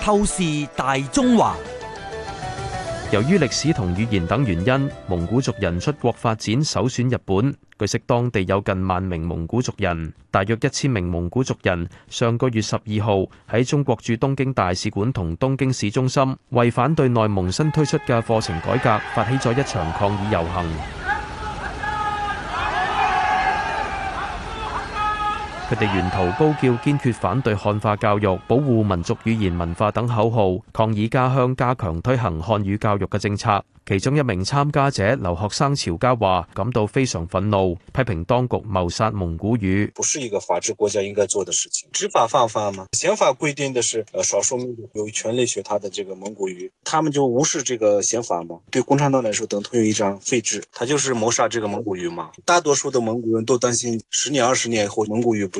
透視大中華。由於歷史同語言等原因，蒙古族人出國發展首選日本。據悉，當地有近萬名蒙古族人，大約一千名蒙古族人上個月十二號喺中國駐東京大使館同東京市中心，為反對內蒙新推出嘅課程改革，發起咗一場抗議遊行。佢哋沿途高叫堅決反對漢化教育、保護民族語言文化等口號，抗議家鄉加強推行漢語教育嘅政策。其中一名參加者留學生曹家話：感到非常憤怒，批評當局謀殺蒙古語。不是一個法治國家應該做的事情，執法犯法嗎？憲法規定的是，呃，少數民族有權利學他的這個蒙古語，他們就無視這個憲法嗎？對共產黨來說，等同於一張廢紙，他就是謀殺這個蒙古語嘛。大多數的蒙古人都擔心，十年、二十年以後，蒙古語不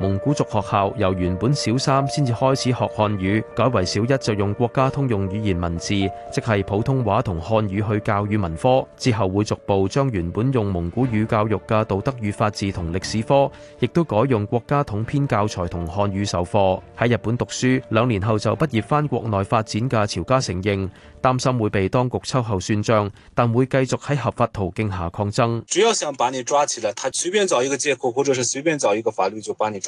蒙古族學校由原本小三先至開始學漢語，改為小一就用國家通用語言文字，即係普通話同漢語去教語文科。之後會逐步將原本用蒙古語教育嘅道德與法治同歷史科，亦都改用國家統編教材同漢語授課。喺日本讀書兩年後就畢業返國內發展嘅朝家承認，擔心會被當局秋後算帳，但會繼續喺合法途徑下抗爭。只要想把你抓起來，他隨便找一個借口，或者是隨便找一個法律就把你抓。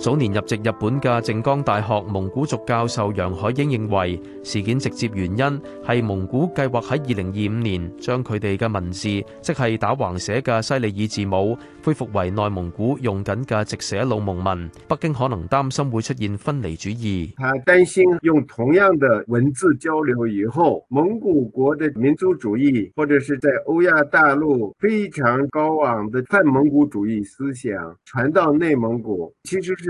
早年入籍日本嘅靜岡大學蒙古族教授楊海英認為，事件直接原因係蒙古計劃喺二零二五年將佢哋嘅文字，即係打橫寫嘅西里爾字母，恢復為內蒙古用緊嘅直寫老蒙文。北京可能擔心會出現分離主義。他擔心用同樣的文字交流以後，蒙古國的民族主義或者是在歐亞大陸非常高昂的泛蒙古主義思想傳到內蒙古，其實是。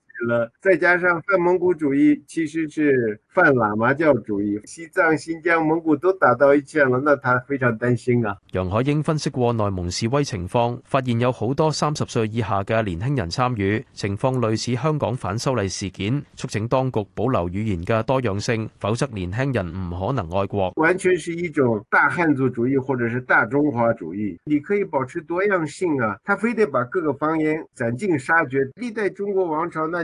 了，再加上泛蒙古主義，其實是泛喇嘛教主義。西藏、新疆、蒙古都打到一千了，那他非常擔心啊。楊海英分析過內蒙示威情況，發現有好多三十歲以下嘅年輕人參與，情況類似香港反修例事件，促請當局保留語言嘅多樣性，否則年輕人唔可能愛國。完全是一種大漢族主義或者是大中華主義，你可以保持多樣性啊，他非得把各個方言斬盡殺絕。歷代中國王朝那。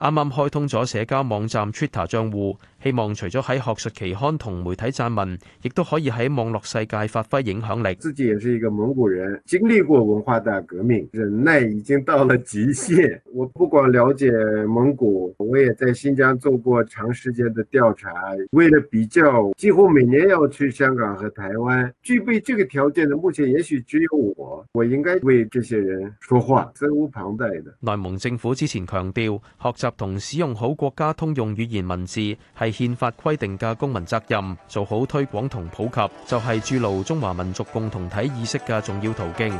啱啱開通咗社交網站 Twitter 賬戶，希望除咗喺學術期刊同媒體撰文，亦都可以喺網絡世界發揮影響力。自己也是一個蒙古人，經歷過文化大革命，忍耐已經到了極限。我不光了解蒙古，我也在新疆做過長時間的調查，為了比較，幾乎每年要去香港和台灣。具備這個條件的，目前也許只有我，我應該為這些人說話，責無旁貸的。內蒙政府之前強調學習。同使用好國家通用語言文字係憲法規定嘅公民責任，做好推廣同普及就係鑄牢中華民族共同體意識嘅重要途徑。